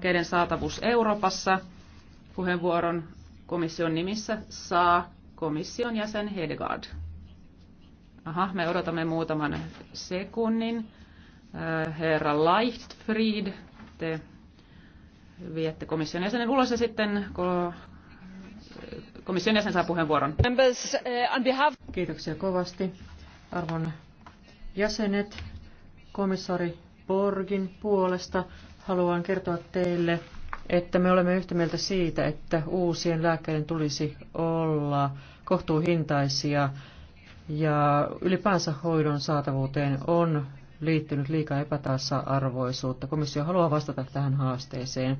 lääkkeiden saatavuus Euroopassa. Puheenvuoron komission nimissä saa komission jäsen Hedegaard. Aha, me odotamme muutaman sekunnin. Äh, herra Leichtfried, te viette komission jäsenen ulos ja sitten komission jäsen saa puheenvuoron. Äh, Kiitoksia kovasti. Arvon jäsenet, komissari Borgin puolesta haluan kertoa teille, että me olemme yhtä mieltä siitä, että uusien lääkkeiden tulisi olla kohtuuhintaisia ja ylipäänsä hoidon saatavuuteen on liittynyt liikaa epätasa-arvoisuutta. Komissio haluaa vastata tähän haasteeseen.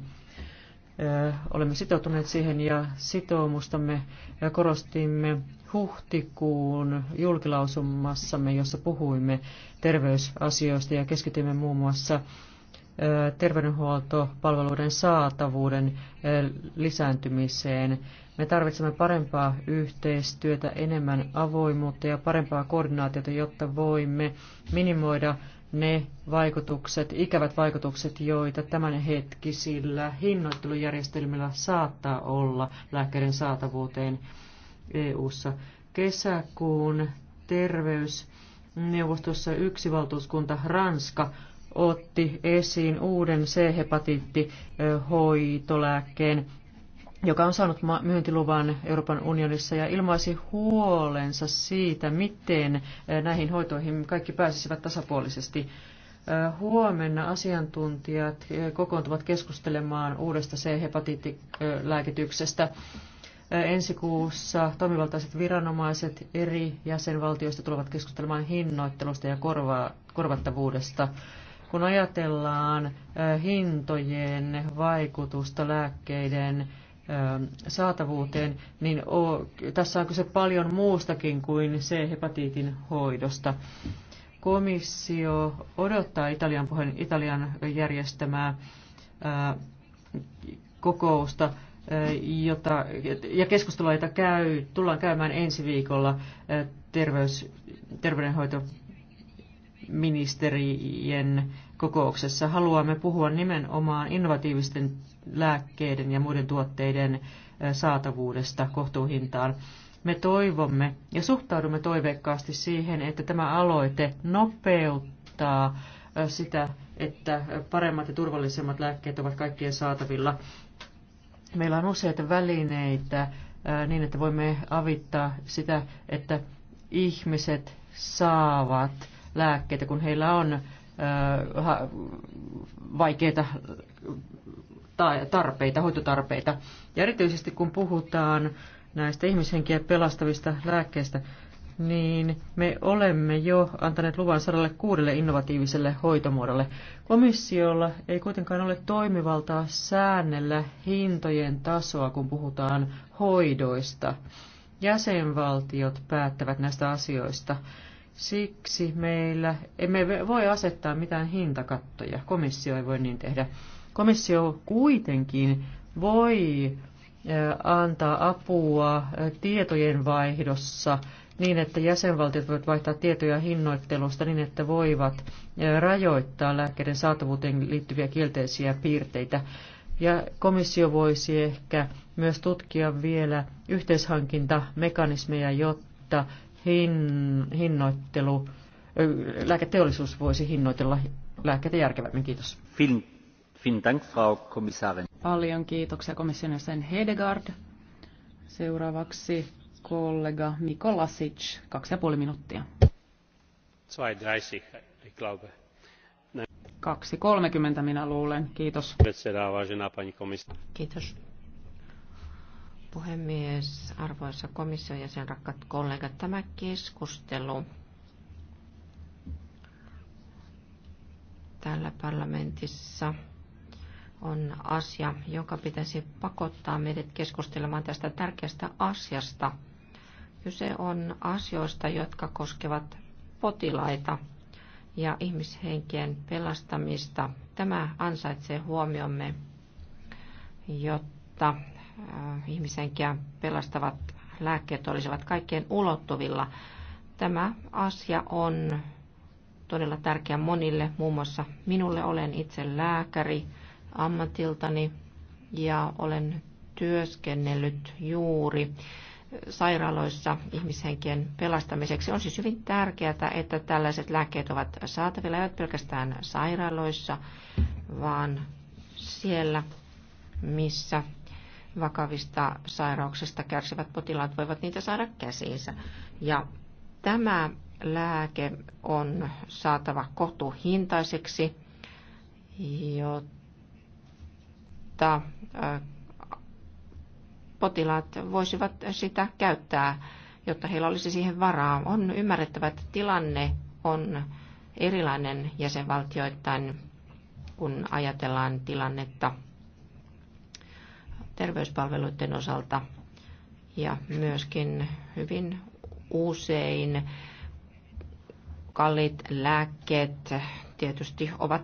Olemme sitoutuneet siihen ja sitoumustamme ja korostimme huhtikuun julkilausumassamme, jossa puhuimme terveysasioista ja keskitymme muun muassa terveydenhuoltopalveluiden saatavuuden lisääntymiseen. Me tarvitsemme parempaa yhteistyötä, enemmän avoimuutta ja parempaa koordinaatiota, jotta voimme minimoida ne vaikutukset, ikävät vaikutukset, joita tämänhetkisillä hinnoittelujärjestelmillä saattaa olla lääkkeiden saatavuuteen EU-ssa. Kesäkuun terveysneuvostossa yksi valtuuskunta Ranska otti esiin uuden C-hepatiittihoitolääkkeen, joka on saanut myyntiluvan Euroopan unionissa ja ilmaisi huolensa siitä, miten eh, näihin hoitoihin kaikki pääsisivät tasapuolisesti. Eh, huomenna asiantuntijat eh, kokoontuvat keskustelemaan uudesta C-hepatiittilääkityksestä. Ensi kuussa toimivaltaiset viranomaiset eri jäsenvaltioista tulevat keskustelemaan hinnoittelusta ja korva, korvattavuudesta. Kun ajatellaan hintojen vaikutusta lääkkeiden saatavuuteen, niin tässä on kyse paljon muustakin kuin C-hepatiitin hoidosta. Komissio odottaa Italian, puheen, Italian järjestämää ää, kokousta ää, jota, ja keskustelua, jota käy, tullaan käymään ensi viikolla ää, terveys, terveydenhoito ministerien kokouksessa haluamme puhua nimenomaan innovatiivisten lääkkeiden ja muiden tuotteiden saatavuudesta kohtuuhintaan. Me toivomme ja suhtaudumme toiveikkaasti siihen, että tämä aloite nopeuttaa sitä, että paremmat ja turvallisemmat lääkkeet ovat kaikkien saatavilla. Meillä on useita välineitä niin, että voimme avittaa sitä, että ihmiset saavat lääkkeitä, kun heillä on vaikeita tarpeita, hoitotarpeita. Ja erityisesti kun puhutaan näistä ihmishenkiä pelastavista lääkkeistä, niin me olemme jo antaneet luvan kuudelle innovatiiviselle hoitomuodolle. Komissiolla ei kuitenkaan ole toimivaltaa säännellä hintojen tasoa, kun puhutaan hoidoista. Jäsenvaltiot päättävät näistä asioista. Siksi meillä emme voi asettaa mitään hintakattoja. Komissio ei voi niin tehdä. Komissio kuitenkin voi antaa apua tietojen vaihdossa niin, että jäsenvaltiot voivat vaihtaa tietoja hinnoittelusta niin, että voivat rajoittaa lääkkeiden saatavuuteen liittyviä kielteisiä piirteitä. Ja komissio voisi ehkä myös tutkia vielä yhteishankintamekanismeja, jotta hin, hinnoittelu, lääketeollisuus voisi hinnoitella lääkkeitä järkevämmin. Kiitos. fin Dank, Frau Kommissarin. Paljon kiitoksia komission jäsen Hedegaard. Seuraavaksi kollega Miko Lasic, kaksi ja puoli minuuttia. 2.30 minä luulen. Kiitos. Kiitos puhemies, arvoisa komission jäsen, rakkaat kollegat, tämä keskustelu täällä parlamentissa on asia, joka pitäisi pakottaa meidät keskustelemaan tästä tärkeästä asiasta. Kyse on asioista, jotka koskevat potilaita ja ihmishenkien pelastamista. Tämä ansaitsee huomiomme, jotta Äh, ihmisenkiä pelastavat lääkkeet olisivat kaikkien ulottuvilla. Tämä asia on todella tärkeä monille, muun muassa minulle olen itse lääkäri ammatiltani ja olen työskennellyt juuri sairaaloissa ihmishenkien pelastamiseksi. On siis hyvin tärkeää, että tällaiset lääkkeet ovat saatavilla, eivät pelkästään sairaaloissa, vaan siellä, missä vakavista sairauksista kärsivät potilaat voivat niitä saada käsiinsä. Ja tämä lääke on saatava kohtuuhintaiseksi, jotta potilaat voisivat sitä käyttää, jotta heillä olisi siihen varaa. On ymmärrettävä, että tilanne on erilainen jäsenvaltioittain, kun ajatellaan tilannetta terveyspalveluiden osalta ja myöskin hyvin usein kalliit lääkkeet tietysti ovat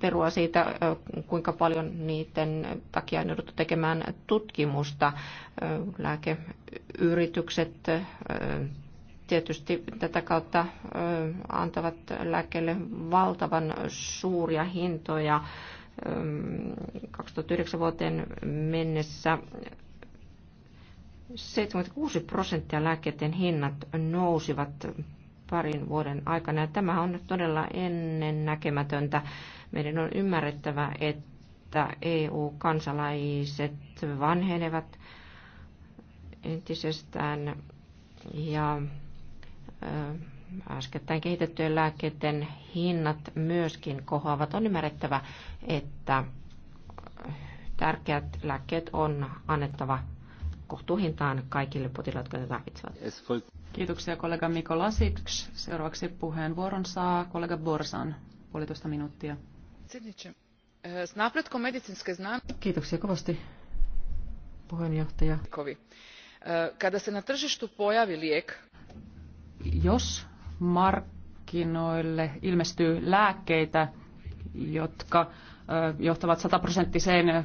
perua siitä, kuinka paljon niiden takia on jouduttu tekemään tutkimusta. Lääkeyritykset tietysti tätä kautta antavat lääkkeelle valtavan suuria hintoja 2009 vuoteen mennessä 76 prosenttia lääkkeiden hinnat nousivat parin vuoden aikana. Ja tämä on todella ennennäkemätöntä. Meidän on ymmärrettävä, että EU-kansalaiset vanhenevat entisestään ja äskettäin kehitettyjen lääkkeiden hinnat myöskin kohoavat. On ymmärrettävä, että tärkeät lääkkeet on annettava kohtuuhintaan kaikille potilaat, jotka tarvitsevat. Kiitoksia kollega Miko Lasiks. Seuraavaksi puheenvuoron saa kollega Borsan. Puolitoista minuuttia. Eh, Kiitoksia kovasti puheenjohtaja. Eh, kada se na tržištu pojavi liek? jos markkinoille ilmestyy lääkkeitä, jotka johtavat sataprosenttiseen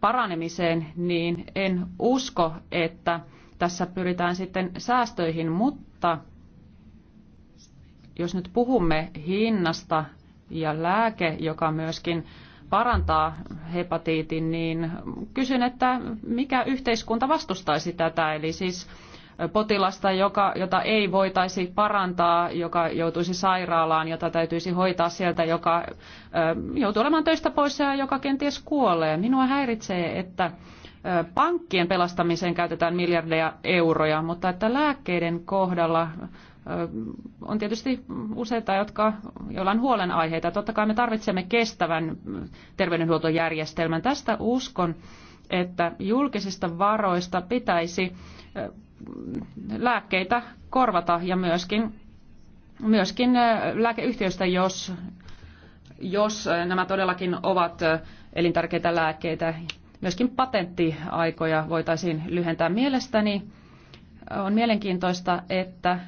paranemiseen, niin en usko, että tässä pyritään sitten säästöihin, mutta jos nyt puhumme hinnasta ja lääke, joka myöskin parantaa hepatiitin, niin kysyn, että mikä yhteiskunta vastustaisi tätä, eli siis potilasta, joka, jota ei voitaisi parantaa, joka joutuisi sairaalaan, jota täytyisi hoitaa sieltä, joka joutuu olemaan töistä pois ja joka kenties kuolee. Minua häiritsee, että pankkien pelastamiseen käytetään miljardeja euroja, mutta että lääkkeiden kohdalla on tietysti useita, jotka, joilla on huolenaiheita. Totta kai me tarvitsemme kestävän terveydenhuoltojärjestelmän. Tästä uskon, että julkisista varoista pitäisi lääkkeitä korvata ja myöskin, myöskin lääkeyhtiöistä, jos, jos nämä todellakin ovat elintärkeitä lääkkeitä. Myöskin patenttiaikoja voitaisiin lyhentää. Mielestäni on mielenkiintoista, että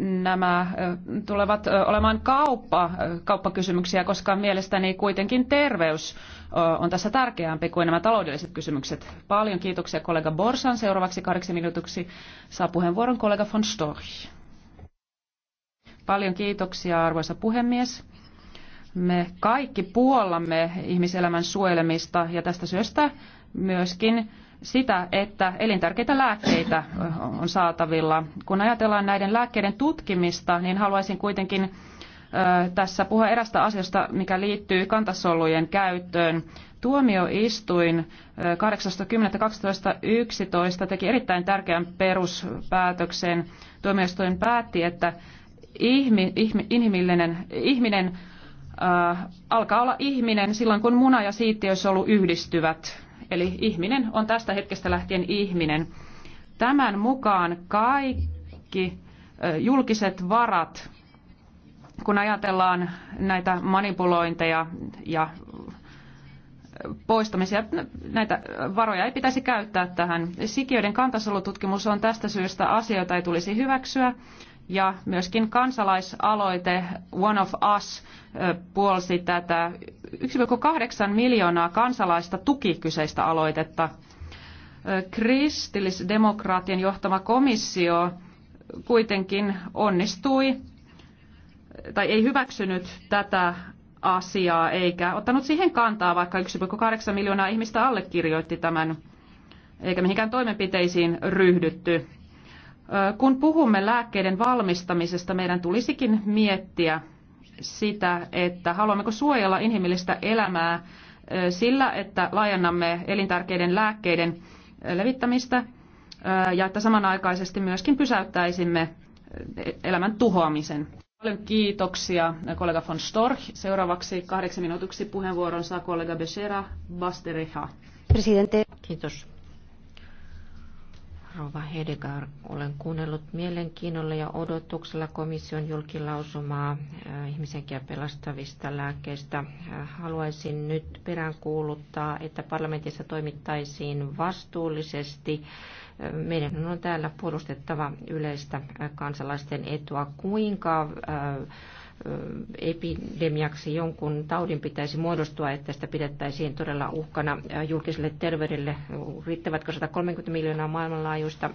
nämä tulevat olemaan kauppa, kauppakysymyksiä, koska mielestäni kuitenkin terveys on tässä tärkeämpi kuin nämä taloudelliset kysymykset. Paljon kiitoksia kollega Borsan. Seuraavaksi kahdeksi minuutiksi saa puheenvuoron kollega von Storch. Paljon kiitoksia arvoisa puhemies. Me kaikki puollamme ihmiselämän suojelemista ja tästä syystä myöskin sitä, että elintärkeitä lääkkeitä on saatavilla. Kun ajatellaan näiden lääkkeiden tutkimista, niin haluaisin kuitenkin tässä puhua erästä asiasta, mikä liittyy kantasolujen käyttöön. Tuomioistuin 80.12.11 teki erittäin tärkeän peruspäätöksen. Tuomioistuin päätti, että ihmi, ihmi, inhimillinen, ihminen äh, alkaa olla ihminen silloin, kun muna ja siittiösolu yhdistyvät. Eli ihminen on tästä hetkestä lähtien ihminen. Tämän mukaan kaikki julkiset varat, kun ajatellaan näitä manipulointeja ja poistamisia. Näitä varoja ei pitäisi käyttää tähän. Sikiöiden kantasolututkimus on tästä syystä asia, jota ei tulisi hyväksyä ja myöskin kansalaisaloite One of Us puolsi tätä. 1,8 miljoonaa kansalaista tuki kyseistä aloitetta. Kristillisdemokraattien johtama komissio kuitenkin onnistui tai ei hyväksynyt tätä asiaa eikä ottanut siihen kantaa, vaikka 1,8 miljoonaa ihmistä allekirjoitti tämän, eikä mihinkään toimenpiteisiin ryhdytty. Kun puhumme lääkkeiden valmistamisesta, meidän tulisikin miettiä sitä, että haluammeko suojella inhimillistä elämää sillä, että laajennamme elintärkeiden lääkkeiden levittämistä ja että samanaikaisesti myöskin pysäyttäisimme elämän tuhoamisen. Paljon kiitoksia kollega von Storch. Seuraavaksi kahdeksan minuutiksi puheenvuoron saa kollega Becerra Basterecha. Presidente. Kiitos Rova Hedegar, olen kuunnellut mielenkiinnolla ja odotuksella komission julkilausumaa äh, ihmisenkiä pelastavista lääkkeistä. Äh, haluaisin nyt peräänkuuluttaa, että parlamentissa toimittaisiin vastuullisesti äh, meidän on täällä puolustettava yleistä kansalaisten etua. Kuinka epidemiaksi jonkun taudin pitäisi muodostua, että sitä pidettäisiin todella uhkana julkiselle terveydelle. Riittävätkö 130 miljoonaa maailmanlaajuista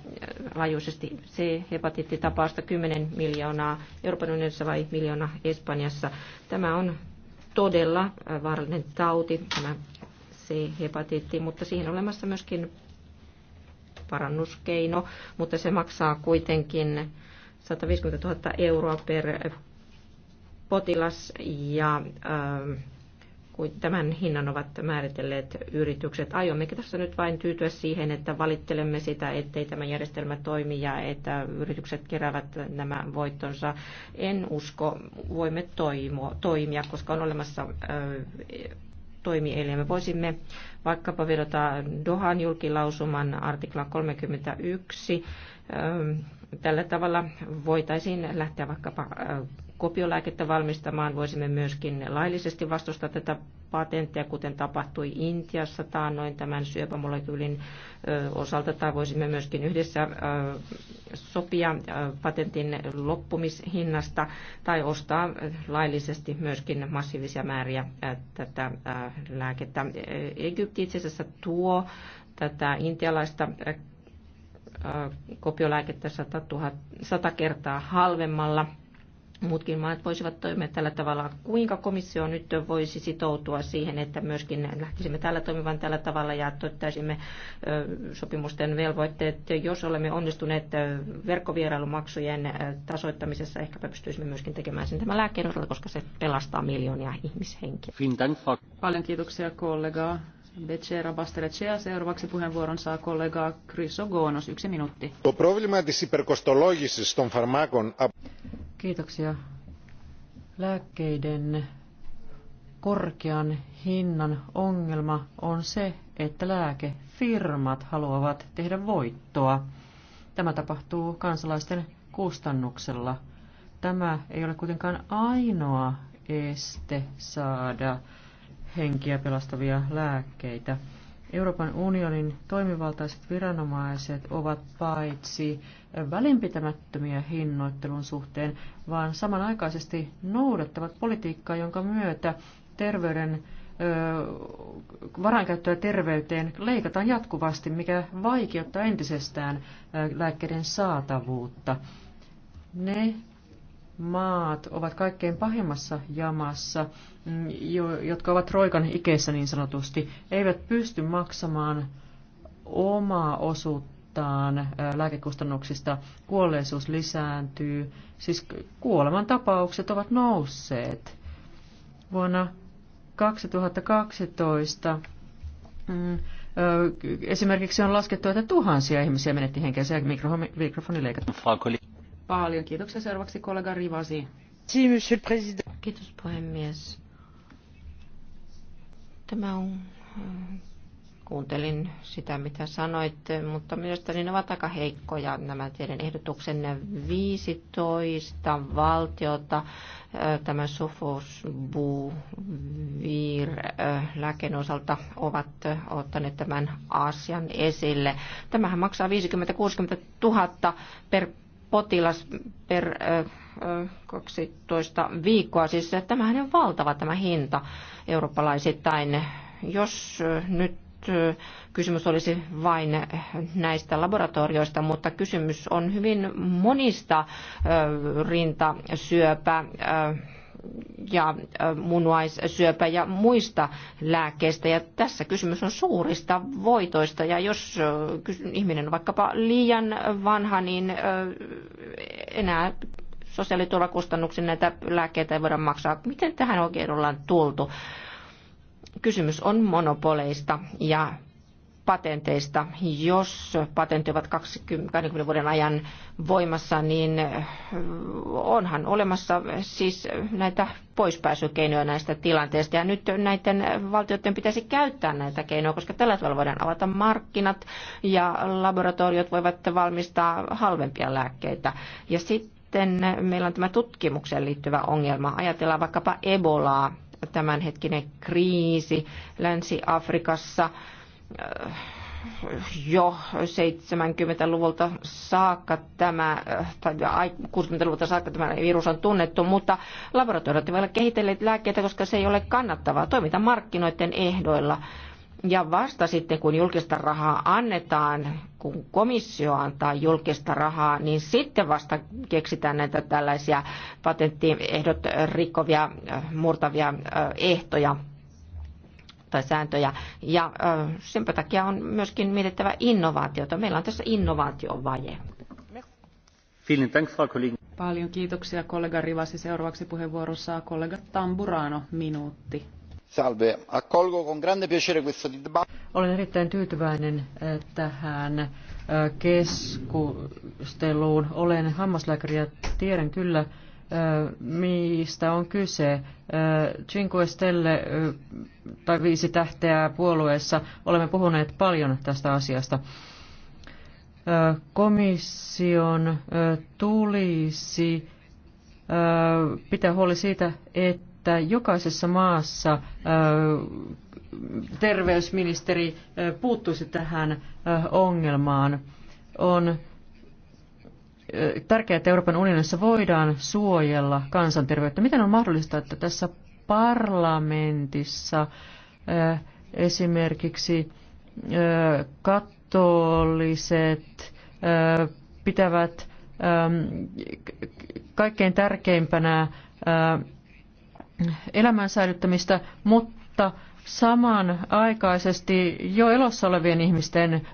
laajuisesti C-hepatiittitapausta 10 miljoonaa Euroopan unionissa vai miljoona Espanjassa? Tämä on todella vaarallinen tauti, tämä C-hepatiitti, mutta siihen on olemassa myöskin parannuskeino, mutta se maksaa kuitenkin 150 000 euroa per potilas ja ähm, kuin tämän hinnan ovat määritelleet yritykset. Aiommekin tässä nyt vain tyytyä siihen, että valittelemme sitä, ettei tämä järjestelmä toimi ja että yritykset keräävät nämä voittonsa. En usko, voimme toimo, toimia, koska on olemassa äh, toimielin. Me voisimme vaikkapa vedota Dohan julkilausuman artikla 31. Ähm, tällä tavalla voitaisiin lähteä vaikkapa äh, kopiolääkettä valmistamaan. Voisimme myöskin laillisesti vastustaa tätä patenttia, kuten tapahtui Intiassa taannoin tämän syöpämolekyylin osalta, tai voisimme myöskin yhdessä sopia patentin loppumishinnasta tai ostaa laillisesti myöskin massiivisia määriä tätä lääkettä. Egypti itse asiassa tuo tätä intialaista kopiolääkettä 100, 000, 100 kertaa halvemmalla muutkin maat voisivat toimia tällä tavalla. Kuinka komissio nyt voisi sitoutua siihen, että myöskin lähtisimme tällä toimivan tällä tavalla ja toittaisimme sopimusten velvoitteet. Jos olemme onnistuneet verkkovierailumaksujen tasoittamisessa, ehkä pystyisimme myöskin tekemään sen tämän lääkkeen osalta, koska se pelastaa miljoonia ihmishenkiä. Paljon kiitoksia kollegaa. Becera Basterecea. Seuraavaksi puheenvuoron saa kollega Ogonos. Yksi minuutti. Kiitoksia. Lääkkeiden korkean hinnan ongelma on se, että lääkefirmat haluavat tehdä voittoa. Tämä tapahtuu kansalaisten kustannuksella. Tämä ei ole kuitenkaan ainoa este saada henkiä pelastavia lääkkeitä. Euroopan unionin toimivaltaiset viranomaiset ovat paitsi välinpitämättömiä hinnoittelun suhteen, vaan samanaikaisesti noudattavat politiikkaa, jonka myötä terveyden varainkäyttöä terveyteen leikataan jatkuvasti, mikä vaikeuttaa entisestään lääkkeiden saatavuutta. Ne maat ovat kaikkein pahimmassa jamassa, mm, jotka ovat roikan ikeessä niin sanotusti, eivät pysty maksamaan omaa osuuttaan lääkekustannuksista. Kuolleisuus lisääntyy, siis kuoleman tapaukset ovat nousseet. Vuonna 2012 mm, Esimerkiksi on laskettu, että tuhansia ihmisiä menetti henkeä ja mikrofoni leikattu paljon. Kiitoksia seuraavaksi kollega Rivasi. Kiitos puhemies. Tämä on äh, kuuntelin sitä, mitä sanoitte, mutta mielestäni ne ovat aika heikkoja nämä teidän ehdotuksenne 15 valtiota, äh, tämä Sofos Vir, äh, Läken osalta ovat ottaneet tämän asian esille. Tämähän maksaa 50-60 000 per potilas per 12 viikkoa. Siis tämähän on valtava tämä hinta eurooppalaisittain. Jos nyt kysymys olisi vain näistä laboratorioista, mutta kysymys on hyvin monista rintasyöpä ja munuaissyöpä ja muista lääkkeistä. Ja tässä kysymys on suurista voitoista ja jos ihminen on vaikkapa liian vanha, niin enää sosiaaliturvakustannuksen näitä lääkkeitä ei voida maksaa. Miten tähän oikein ollaan tultu? Kysymys on monopoleista ja patenteista. Jos patentti ovat 20 vuoden ajan voimassa, niin onhan olemassa siis näitä poispääsykeinoja näistä tilanteista. Ja nyt näiden valtioiden pitäisi käyttää näitä keinoja, koska tällä tavalla voidaan avata markkinat ja laboratoriot voivat valmistaa halvempia lääkkeitä. Ja sitten meillä on tämä tutkimukseen liittyvä ongelma. Ajatellaan vaikkapa Ebolaa, tämänhetkinen kriisi Länsi-Afrikassa Äh, jo 70-luvulta saakka tämä, äh, tai 60-luvulta saakka tämä virus on tunnettu, mutta laboratoriot eivät ole kehitelleet lääkkeitä, koska se ei ole kannattavaa. Toimita markkinoiden ehdoilla. Ja vasta sitten, kun julkista rahaa annetaan, kun komissio antaa julkista rahaa, niin sitten vasta keksitään näitä tällaisia patenttiehdot rikkovia, äh, murtavia ehtoja tai sääntöjä. Ja sen takia on myöskin mietittävä innovaatiota. Meillä on tässä innovaatiovaje. Paljon kiitoksia kollega Rivasi. Seuraavaksi puheenvuorossa kollega Tamburano, minuutti. Salve. Accolgo con grande piacere questo dibattito. Olen erittäin tyytyväinen eh, tähän eh, keskusteluun. Olen hammaslääkäri ja tiedän kyllä, mistä on kyse. Cinque Stelle tai viisi tähteä puolueessa olemme puhuneet paljon tästä asiasta. Komission tulisi pitää huoli siitä, että jokaisessa maassa terveysministeri puuttuisi tähän ongelmaan. On tärkeää, että Euroopan unionissa voidaan suojella kansanterveyttä. Miten on mahdollista, että tässä parlamentissa esimerkiksi katoliset pitävät kaikkein tärkeimpänä elämän säilyttämistä, mutta Samanaikaisesti jo elossa olevien ihmisten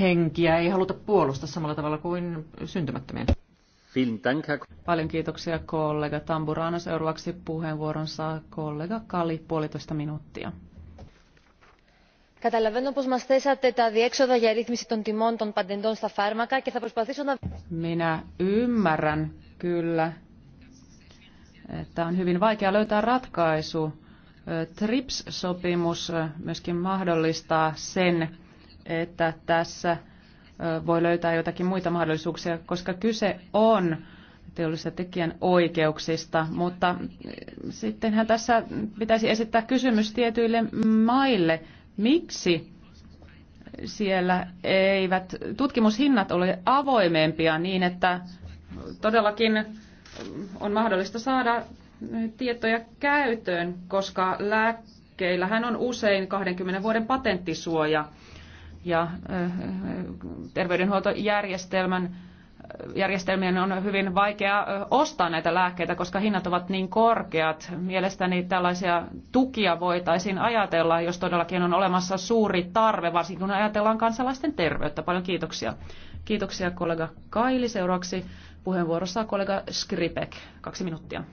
henkiä ei haluta puolustaa samalla tavalla kuin syntymättömien. Paljon kiitoksia kollega Tamburana. Seuraavaksi puheenvuoron saa kollega Kali puolitoista minuuttia. Καταλαβαίνω πως μας θέσατε τα διέξοδα για ρύθμιση των τιμών των παντεντών στα φάρμακα και θα προσπαθήσω να... Minä ymmärrän kyllä, että on hyvin vaikea löytää ratkaisu TRIPS-sopimus myöskin mahdollistaa sen, että tässä voi löytää jotakin muita mahdollisuuksia, koska kyse on teollisista tekijän oikeuksista, mutta sittenhän tässä pitäisi esittää kysymys tietyille maille, miksi siellä eivät tutkimushinnat ole avoimempia niin, että todellakin on mahdollista saada tietoja käytön, koska lääkkeillähän on usein 20 vuoden patenttisuoja ja terveydenhuoltojärjestelmän järjestelmien on hyvin vaikea ostaa näitä lääkkeitä, koska hinnat ovat niin korkeat. Mielestäni tällaisia tukia voitaisiin ajatella, jos todellakin on olemassa suuri tarve, varsinkin kun ajatellaan kansalaisten terveyttä. Paljon kiitoksia. Kiitoksia kollega Kaili. Seuraavaksi puheenvuorossa kollega Skripek. Kaksi minuuttia.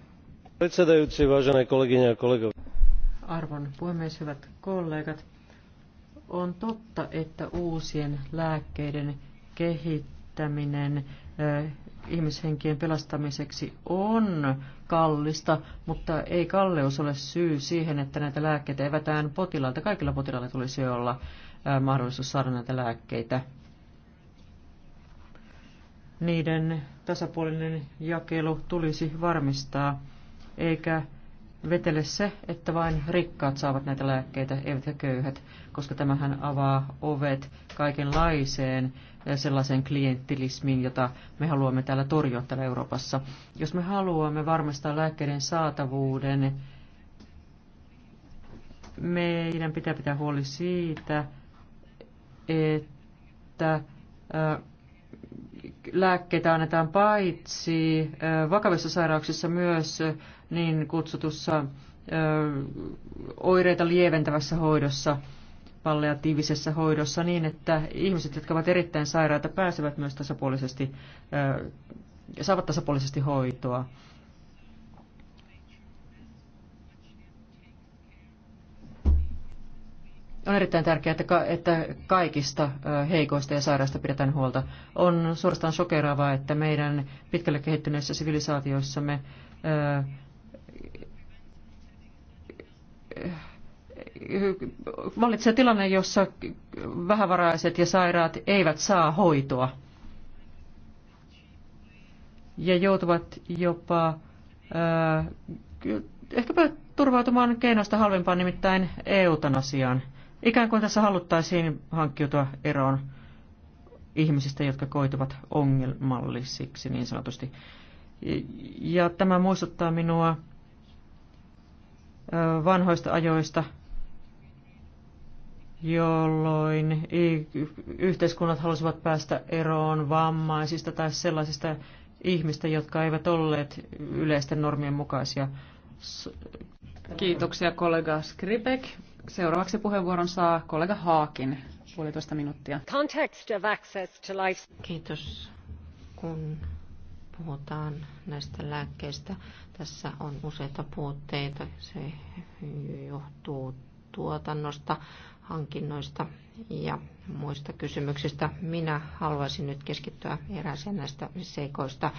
Arvon puhemies, hyvät kollegat. On totta, että uusien lääkkeiden kehittäminen eh, ihmishenkien pelastamiseksi on kallista, mutta ei kalleus ole syy siihen, että näitä lääkkeitä evätään potilailta. Kaikilla potilailla tulisi olla eh, mahdollisuus saada näitä lääkkeitä. Niiden tasapuolinen jakelu tulisi varmistaa eikä vetele se, että vain rikkaat saavat näitä lääkkeitä, eivätkä köyhät, koska tämähän avaa ovet kaikenlaiseen eh, sellaiseen klienttilismin, jota me haluamme täällä torjua täällä Euroopassa. Jos me haluamme varmistaa lääkkeiden saatavuuden, meidän pitää pitää huoli siitä, että että eh, lääkkeitä annetaan paitsi vakavissa sairauksissa myös niin kutsutussa oireita lieventävässä hoidossa, palliatiivisessa hoidossa niin, että ihmiset, jotka ovat erittäin sairaita, pääsevät myös tasapuolisesti, saavat tasapuolisesti hoitoa. On erittäin tärkeää, että, kaikista heikoista ja sairaista pidetään huolta. On suorastaan shokeraavaa, että meidän pitkälle kehittyneissä sivilisaatioissamme vallitsee tilanne, jossa vähävaraiset ja sairaat eivät saa hoitoa ja joutuvat jopa ehkäpä turvautumaan keinoista halvempaan, nimittäin eutanasiaan. Ikään kuin tässä haluttaisiin hankkiutua eroon ihmisistä, jotka koituvat ongelmallisiksi niin sanotusti. Ja tämä muistuttaa minua vanhoista ajoista, jolloin yhteiskunnat halusivat päästä eroon vammaisista tai sellaisista ihmistä, jotka eivät olleet yleisten normien mukaisia. Kiitoksia kollega Skripek. Seuraavaksi puheenvuoron saa kollega Haakin, puolitoista minuuttia. Context of access to life. Kiitos, kun puhutaan näistä lääkkeistä. Tässä on useita puutteita. Se johtuu tuotannosta, hankinnoista ja muista kysymyksistä. Minä haluaisin nyt keskittyä erääseen näistä seikoista.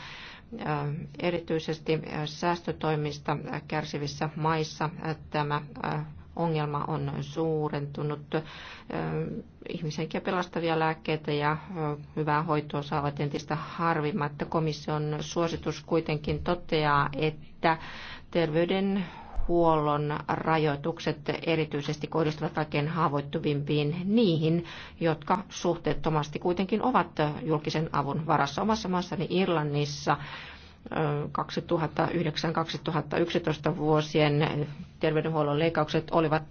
Äh, erityisesti säästötoimista kärsivissä maissa äh, tämä äh, ongelma on suurentunut. Ihmishenkiä pelastavia lääkkeitä ja hyvää hoitoa saavat entistä harvimmat. Komission suositus kuitenkin toteaa, että terveyden huollon rajoitukset erityisesti kohdistuvat kaikkein haavoittuvimpiin niihin, jotka suhteettomasti kuitenkin ovat julkisen avun varassa. Omassa maassani Irlannissa 2009-2011 vuosien terveydenhuollon leikkaukset olivat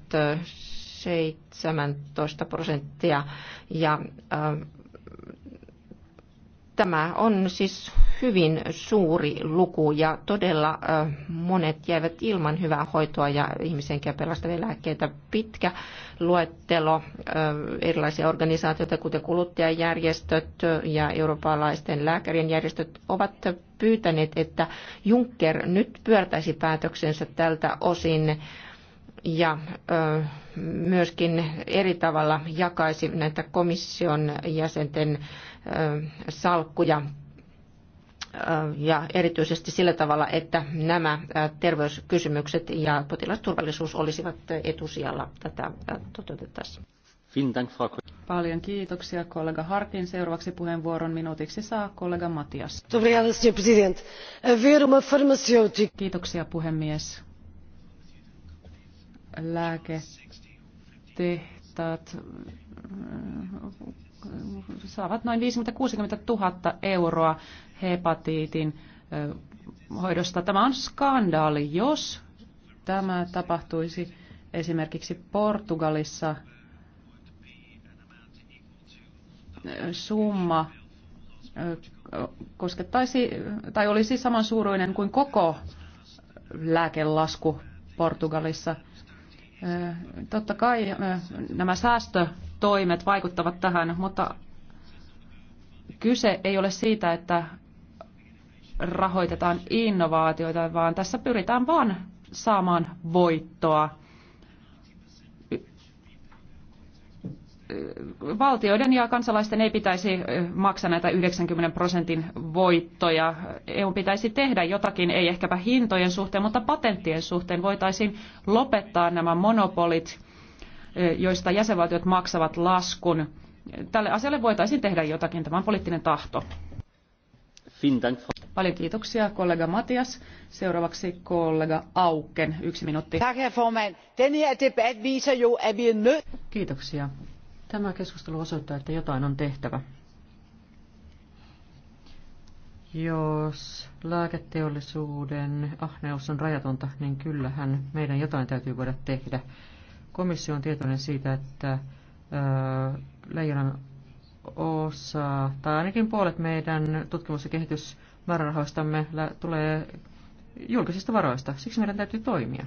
17 prosenttia ja tämä on siis hyvin suuri luku ja todella monet jäivät ilman hyvää hoitoa ja ihmisen pelastavia lääkkeitä. Pitkä luettelo erilaisia organisaatioita, kuten kuluttajajärjestöt ja eurooppalaisten lääkärien järjestöt, ovat pyytäneet, että Juncker nyt pyörtäisi päätöksensä tältä osin ja ö, myöskin eri tavalla jakaisi näitä komission jäsenten ö, salkkuja ja erityisesti sillä tavalla, että nämä terveyskysymykset ja potilasturvallisuus olisivat etusijalla tätä toteutettaessa. Paljon kiitoksia kollega Harkin. Seuraavaksi puheenvuoron minuutiksi saa kollega Matias. Kiitoksia puhemies. Lääketehtaat saavat noin 50-60 000 euroa hepatiitin hoidosta. Tämä on skandaali, jos tämä tapahtuisi esimerkiksi Portugalissa summa koskettaisi tai olisi samansuuruinen kuin koko lääkelasku Portugalissa. Totta kai nämä säästö toimet vaikuttavat tähän, mutta kyse ei ole siitä, että rahoitetaan innovaatioita, vaan tässä pyritään vain saamaan voittoa. Valtioiden ja kansalaisten ei pitäisi maksaa näitä 90 prosentin voittoja. EU pitäisi tehdä jotakin, ei ehkäpä hintojen suhteen, mutta patenttien suhteen voitaisiin lopettaa nämä monopolit – joista jäsenvaltiot maksavat laskun. Tälle asialle voitaisiin tehdä jotakin, tämä on poliittinen tahto. Paljon kiitoksia kollega Matias. Seuraavaksi kollega Auken, yksi minuutti. Er kiitoksia. Tämä keskustelu osoittaa, että jotain on tehtävä. Jos lääketeollisuuden ahneus on rajatonta, niin kyllähän meidän jotain täytyy voida tehdä. Komissio on tietoinen siitä, että leijonan osa, tai ainakin puolet meidän tutkimus- ja kehitysmäärärahoistamme tulee julkisista varoista. Siksi meidän täytyy toimia.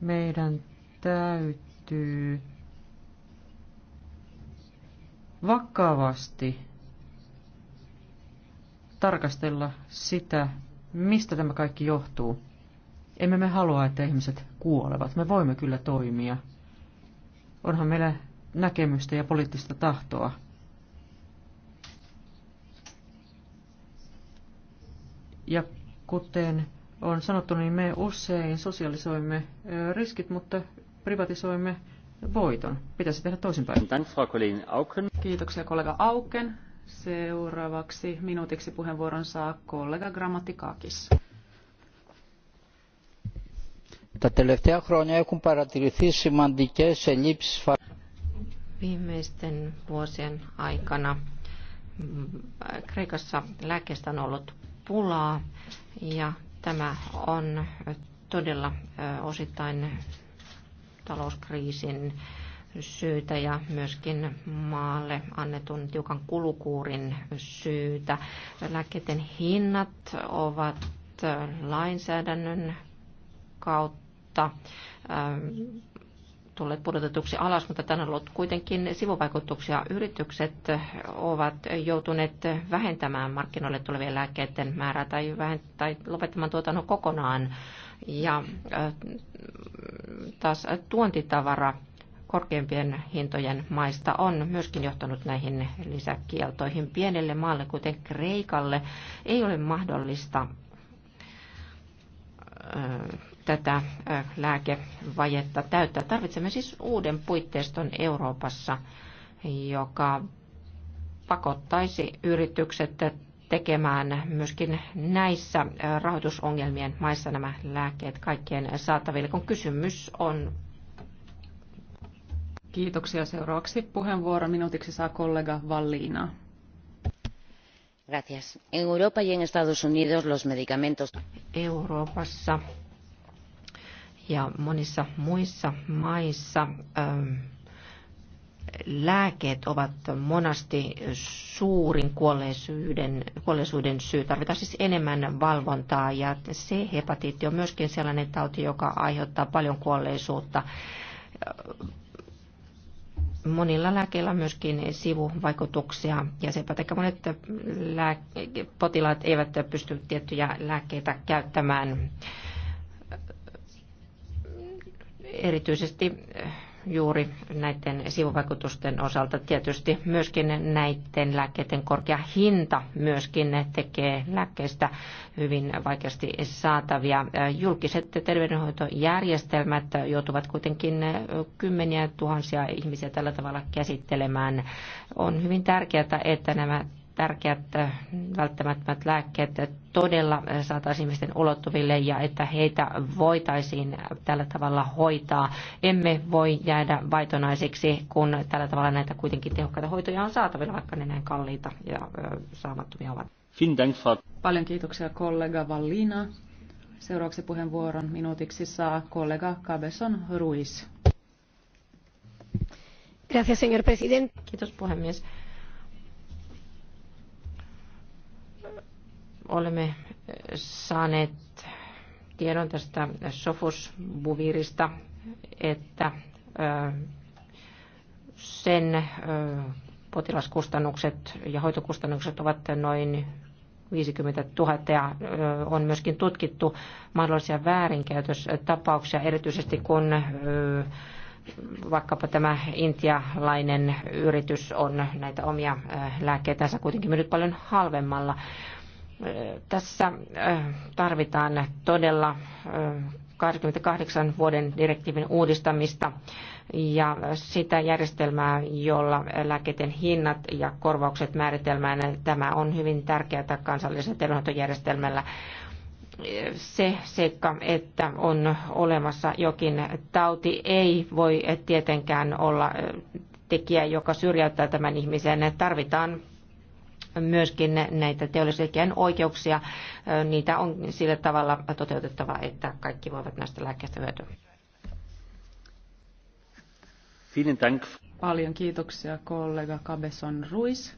Meidän täytyy vakavasti tarkastella sitä, mistä tämä kaikki johtuu. Emme me halua, että ihmiset kuolevat. Me voimme kyllä toimia. Onhan meillä näkemystä ja poliittista tahtoa. Ja kuten on sanottu, niin me usein sosialisoimme riskit, mutta privatisoimme voiton. Pitäisi tehdä toisinpäin. Kiitoksia kollega Auken. Seuraavaksi minuutiksi puheenvuoron saa kollega Grammatikakis. Τα τελευταία χρόνια έχουν παρατηρηθεί σημαντικές ελλείψεις Viimeisten vuosien aikana mm, Kreikassa lääkkeestä on ollut pulaa ja tämä on todella osittain talouskriisin syytä ja myöskin maalle annetun tiukan kulukuurin syytä. Lääkkeiden hinnat ovat lainsäädännön kautta kautta ähm, tulleet pudotetuksi alas, mutta tämän on ollut kuitenkin sivuvaikutuksia. Yritykset ovat joutuneet vähentämään markkinoille tulevien lääkkeiden määrää tai, vähent- tai lopettamaan tuotannon kokonaan. Ja äh, taas tuontitavara korkeimpien hintojen maista on myöskin johtanut näihin lisäkieltoihin. Pienelle maalle, kuten Kreikalle, ei ole mahdollista äh, tätä äh, lääkevajetta täyttää. Tarvitsemme siis uuden puitteiston Euroopassa, joka pakottaisi yritykset tekemään myöskin näissä äh, rahoitusongelmien maissa nämä lääkkeet kaikkien saataville, kun kysymys on. Kiitoksia. Seuraavaksi puheenvuoro minuutiksi saa kollega Valliina. Gracias. En Europa y en Estados Unidos los medicamentos. Euroopassa ja monissa muissa maissa ähm, lääkeet ovat monasti suurin kuolleisuuden, kuolleisuuden syy. Tarvitaan siis enemmän valvontaa ja se hepatiitti on myöskin sellainen tauti, joka aiheuttaa paljon kuolleisuutta. Monilla lääkeillä on myöskin sivuvaikutuksia ja sepä takia monet lääke- potilaat eivät pysty tiettyjä lääkkeitä käyttämään erityisesti eh, juuri näiden sivuvaikutusten osalta. Tietysti myöskin näiden lääkkeiden korkea hinta myöskin tekee lääkkeistä hyvin vaikeasti saatavia. Eh, julkiset terveydenhoitojärjestelmät joutuvat kuitenkin eh, kymmeniä tuhansia ihmisiä tällä tavalla käsittelemään. On hyvin tärkeää, että nämä tärkeät välttämättömät lääkkeet todella saataisiin ihmisten ulottuville ja että heitä voitaisiin tällä tavalla hoitaa. Emme voi jäädä vaitonaisiksi, kun tällä tavalla näitä kuitenkin tehokkaita hoitoja on saatavilla, vaikka ne näin kalliita ja saamattomia ovat. Paljon kiitoksia kollega Vallina. Seuraavaksi puheenvuoron minuutiksi saa kollega Cabeson Ruiz. Gracias, señor presidente. Kiitos puhemies olemme eh, saaneet tiedon tästä Sofosbuvirista, että sen potilaskustannukset ja hoitokustannukset ovat noin 50 000 ja on myöskin tutkittu mahdollisia väärinkäytöstapauksia, erityisesti kun vaikkapa tämä intialainen yritys on näitä omia lääkkeitänsä kuitenkin myynyt paljon halvemmalla. Tässä tarvitaan todella 28 vuoden direktiivin uudistamista ja sitä järjestelmää, jolla lääkkeiden hinnat ja korvaukset määritellään. Tämä on hyvin tärkeää kansallisella terveydenhoitojärjestelmällä se seikka, että on olemassa jokin tauti, ei voi tietenkään olla tekijä, joka syrjäyttää tämän ihmisen. Tarvitaan myöskin näitä teollisuusliikkeen oikeuksia. Niitä on sillä tavalla toteutettava, että kaikki voivat näistä lääkkeistä hyötyä. Paljon kiitoksia kollega Cabeson Ruiz.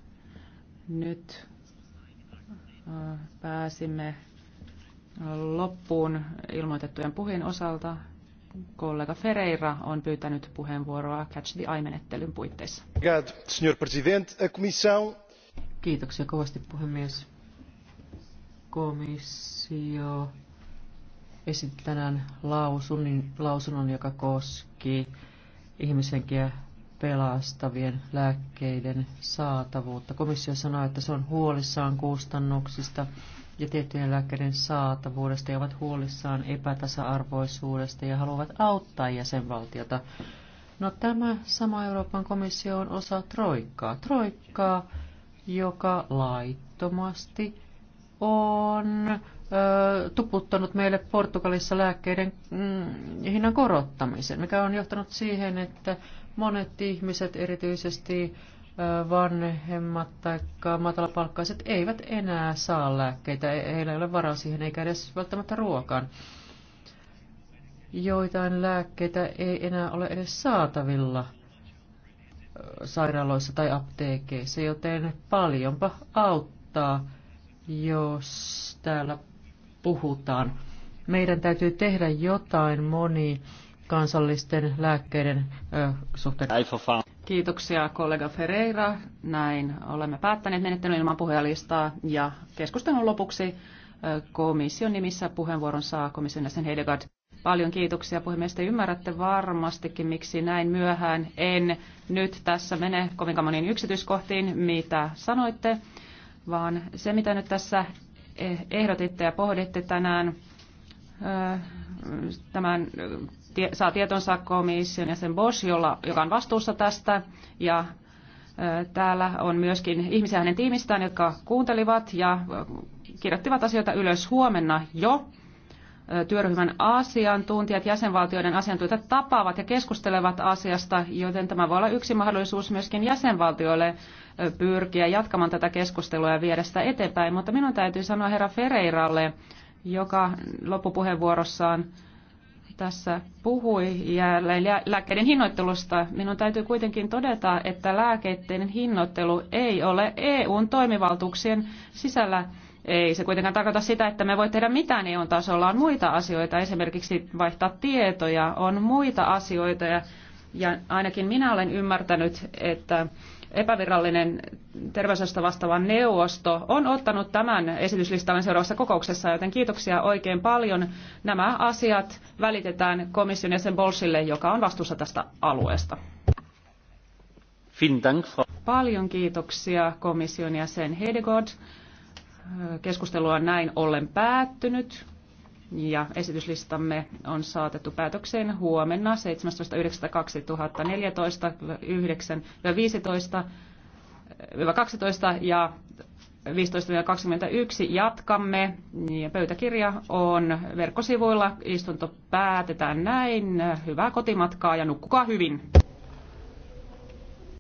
Nyt pääsimme loppuun ilmoitettujen puheen osalta. Kollega Ferreira on pyytänyt puheenvuoroa Catch the Eye-menettelyn puitteissa. Obrigado, Kiitoksia kovasti puhemies. Komissio esitti tänään lausunnin, lausunnon, joka koski ihmisenkiä pelastavien lääkkeiden saatavuutta. Komissio sanoi, että se on huolissaan kustannuksista ja tiettyjen lääkkeiden saatavuudesta ja ovat huolissaan epätasa-arvoisuudesta ja haluavat auttaa jäsenvaltiota. No tämä sama Euroopan komissio on osa troikkaa. Troikkaa, joka laittomasti on ö, tuputtanut meille Portugalissa lääkkeiden mm, hinnan korottamisen, mikä on johtanut siihen, että monet ihmiset, erityisesti ö, vanhemmat tai matalapalkkaiset, eivät enää saa lääkkeitä. Heillä ei ole varaa siihen eikä edes välttämättä ruokaan. Joitain lääkkeitä ei enää ole edes saatavilla sairaaloissa tai apteekeissa, joten paljonpa auttaa, jos täällä puhutaan. Meidän täytyy tehdä jotain moni kansallisten lääkkeiden ö, suhteen. Kiitoksia kollega Ferreira. Näin olemme päättäneet menettelyn ilman puheenlistaa ja keskustelun lopuksi komission nimissä puheenvuoron saa komission jäsen Heidegard. Paljon kiitoksia puhemies. Te ymmärrätte varmastikin, miksi näin myöhään en nyt tässä mene kovinkaan moniin yksityiskohtiin, mitä sanoitte, vaan se, mitä nyt tässä e-, ehdotitte ja pohditte tänään, tämän saa tietonsa komission ja sen Bosch, jolla, joka on vastuussa tästä, ja Täällä on myöskin ihmisiä hänen tiimistään, jotka kuuntelivat ja kirjoittivat asioita ylös huomenna jo työryhmän asiantuntijat, jäsenvaltioiden asiantuntijat tapaavat ja keskustelevat asiasta, joten tämä voi olla yksi mahdollisuus myöskin jäsenvaltioille pyrkiä jatkamaan tätä keskustelua ja viedä sitä eteenpäin. Mutta minun täytyy sanoa herra Ferreiralle, joka loppupuheenvuorossaan tässä puhui jälleen lääkkeiden hinnoittelusta. Minun täytyy kuitenkin todeta, että lääkkeiden hinnoittelu ei ole EUn toimivaltuuksien sisällä ei se kuitenkaan tarkoita sitä, että me voi tehdä mitään EUn tasolla. On muita asioita, esimerkiksi vaihtaa tietoja, on muita asioita. Ja, ja ainakin minä olen ymmärtänyt, että epävirallinen terveysasioista vastaava neuvosto on ottanut tämän esityslistan seuraavassa kokouksessa, joten kiitoksia oikein paljon. Nämä asiat välitetään komission jäsen Bolsille, joka on vastuussa tästä alueesta. Paljon kiitoksia komission jäsen Hedegaard. Keskustelu on näin ollen päättynyt ja esityslistamme on saatettu päätökseen huomenna 17.9.2014, 9, 15, ja 15.21 jatkamme. Ja pöytäkirja on verkkosivuilla. Istunto päätetään näin. Hyvää kotimatkaa ja nukkukaa hyvin.